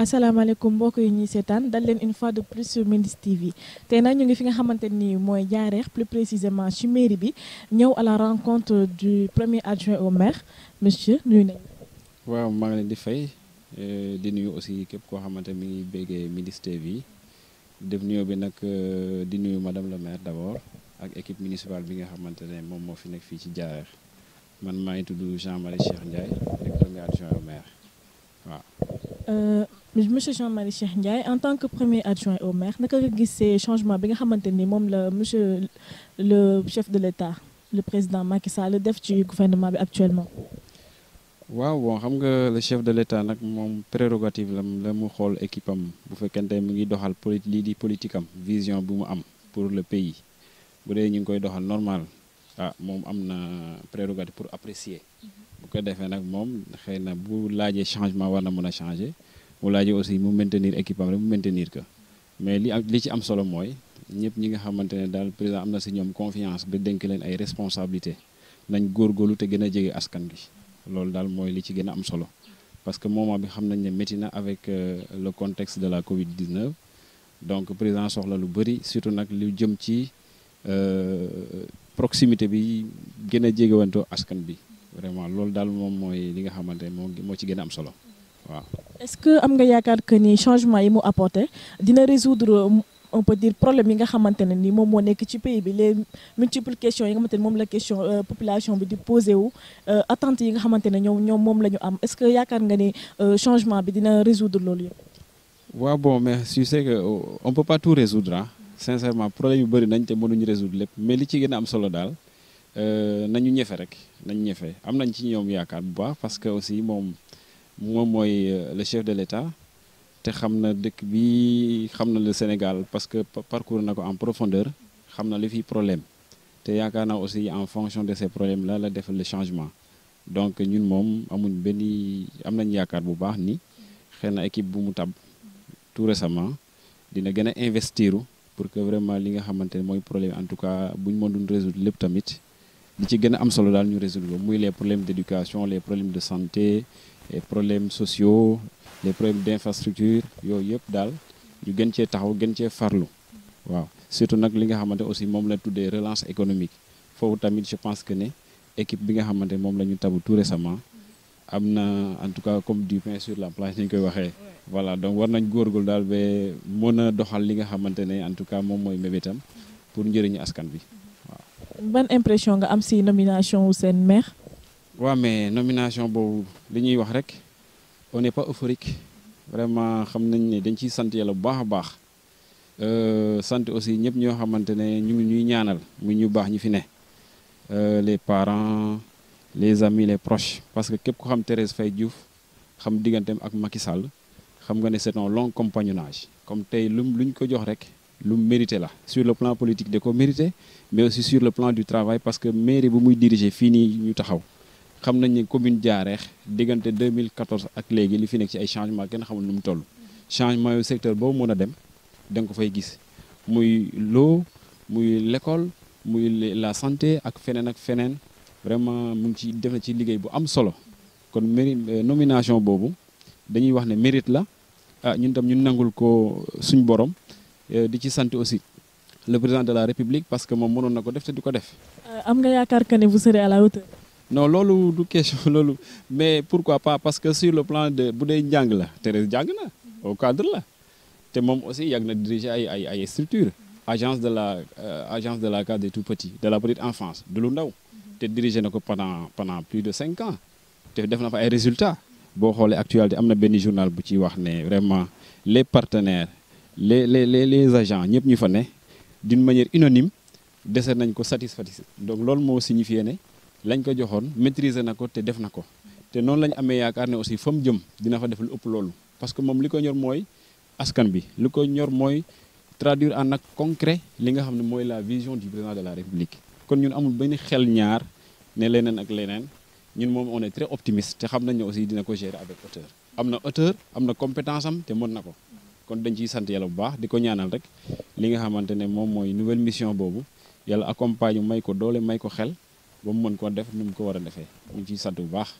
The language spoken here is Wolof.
asalaamaaleykum mbokk yi ñuy seetaan dal leen une fois de plus sur Mindiss TV tey nag ñu ngi fi nga xamante ni mooy Diarekh plus précisément ci mairie bi ñëw à la rencontre du premier adjoint au maire monsieur nuyu nañu. waaw maa ngi leen di fay euh, di nuyu aussi képp koo xamante mi ngi béggee Mindiss TV def nuyu bi nag euh, di nuyu madame le maire d'abord ak équipe municipale bi nga xamante ne moom moo fi nekk fii ci Diarekh man maa ngi tudd Jean Marie Cheikh Ndiaye nekk waaw. Euh, monsieur Jean-Marie Cheikh Ndiaye en tant que premier adjoint au maire naka nga gisee changement bi nga xamante ni moom la monsieur le chef de l'État le président Macky Sall def ci gouvernement bi actuellement. waaw bon xam nga le chef de l'État nag moom prérogative la la mu xool équipe am bu fekkente mu ngi doxal poli lii di politique am vision bu mu am pour le pays bu dee ñu ngi koy doxal normal ah moom am na prérogative pour apprécier. Mm-hmm. bu ko defee nag moom xëy na bu laajee changement war mun a changer. mu laajee aussi mu maintenir équipe am rek mu maintenir que mais li am li ci am solo mooy ñëpp ñi nga xamante ne daal président am na si ñoom confiance ba dénk leen ay responsabilité nañ góorgóorlu te gën a jege askan gi loolu daal mooy li ci gën a am solo parce que moment bi xam nañ ne métti na avec euh, le contexte de la Covid 19 donc président soxla lu bëri surtout nag lu jëm ci euh, proximité bi gën a jegewantoo askan bi vraiment loolu daal moom mooy li nga xamante ne moo moo ci gën a am solo. waaw est-ce que am nga yaakaar que ni changement yi mu apporté dina résoudre euh, on peut dire problème yi nga xamante ne ni moom moo nekk ci pays bi les multiples questions yi nga moom la question euh, population bi di posé euh, yi nga xamante ne ñoom ñoom moom la am est-ce que yaakaar nga ni changement bi dina résoudre loolu yëpp. waaw bon mais tu sais que on peut pas tout résoudre sincèrement problème yu bëri nañ te mënuñu résoudre lépp mais li ci gën am solo daal nañu ñefe rek nañu ñefe am nañ ci ñoom yaakaar bu baax parce que aussi moom. moom mooy euh, le chef de l'État te xam na dëkk bi xam na le Sénégal parce que parcours na ko en profondeur xam na li fi problème te yaakaar naa aussi en fonction de ces problèmes là la defal le changement donc ñun moom amuñ benn am nañ yaakaar bu baax ni xëy na équipe bu mu tab tout récemment dina gën a investiru pour que vraiment li nga xamante ne mooy problème en tout cas bu ñu mën dun résoudre lépp tamit li ci gën am solo daal ñu résoudre muy les problème d' éducation les problèmes de santé les problèmes sociaux les problèmes d' infrastructure yooyu yëpp daal ñu gën cee taxaw gën cee farlu waaw surtout nag li nga xamante aussi moom la tuddee relance économique foofu tamit je pense que ne équipe bi nga xamante moom la ñu tabu tout récemment am na en tout cas comme du pain sur la planche ni koy waxee voilà donc war nañ góorgóorlu daal ba mën a doxal li nga xamante ne en tout cas moom mooy mébétam pour njëriñu askan bi ban impression nga am si nomination wu seen maire. waa mais nomination boobu li ñuy wax rek au n'est pas euphorique vraiment xam nañ ne dañ ciy sant yàlla bu baax a baax euh, sant aussi ñëpp ñoo xamante ne ñu ngi ñuy ñaanal mu ñu baax ñu fi ne euh, les parents les amis les proches parce que képp ko xam Thérèse fay Diouf xam digganteem ak Macky xam nga ne c'est un long compagnonnage comme tey lu luñ ko jox rek. lu mérité la sur le plan politique da ko mérité mais aussi sur le plan du travail parce que mairie bu muy diriger fii nii ñu taxaw xam nañ ne commune Diarekh diggante mille 2014 ak léegi li fi nekk ci ay changement kenn xamul nu mu changement yu secteur boobu mën a dem da nga ko fay gis muy l'eau muy lekkool muy la santé ak feneen ak feneen vraiment mu ngi ci def na ci liggéey bu am solo kon mérite euh, nomination boobu dañuy wax ne mérite la ah ñun tam ñu nangul ko suñ borom Euh, di ci sant aussi le président de la république parce que moom mënoon ko def te du ko def. Euh, am nga yaakaar que ne vous à la hauteur. non loolu du question loolu mais pourquoi pas parce que sur le plan de bu dee njàng la Thérèse jàng na au cadre la te moom aussi yàgg na diriger ay ay ay structure agence de la euh, agence de la case des tout petits de la petite enfance du lu ndaw te diriger na ko pendant pendant plus de cinq ans te def na fa ay résultats boo xoolee actualité am na benn journal bu ci wax ne vraiment les partenaires les les les les agents ñëpp ñu fa ne d'une manière unanime dese nañ ko satisfaction donc loolu moo signifié ne lañ ko joxoon maîtriser na ko te def na ko te noonu lañ amee yaakaar ne aussi fa mu jëm dina fa def lu ëpp loolu parce que moom li ko ñor mooy askan bi li ko ñor mooy traduire en acte concret li nga xam ne mooy la vision du président de la république kon ñun amul benn xel ñaar ne leneen ak leneen ñun moom on est très optimiste te xam nañ ne aussi dina ko gérer avec hauteur am na hauteur am na compétence am te mën na ko kon dañ ciy sant yàlla bu baax di ko ñaanal rek li nga xamante ne moom mooy nouvelle mission boobu yàlla accompagne may ko doole may ko xel ba mu mën koo def ni mu ko war a defee ñu ciy sant bu baax.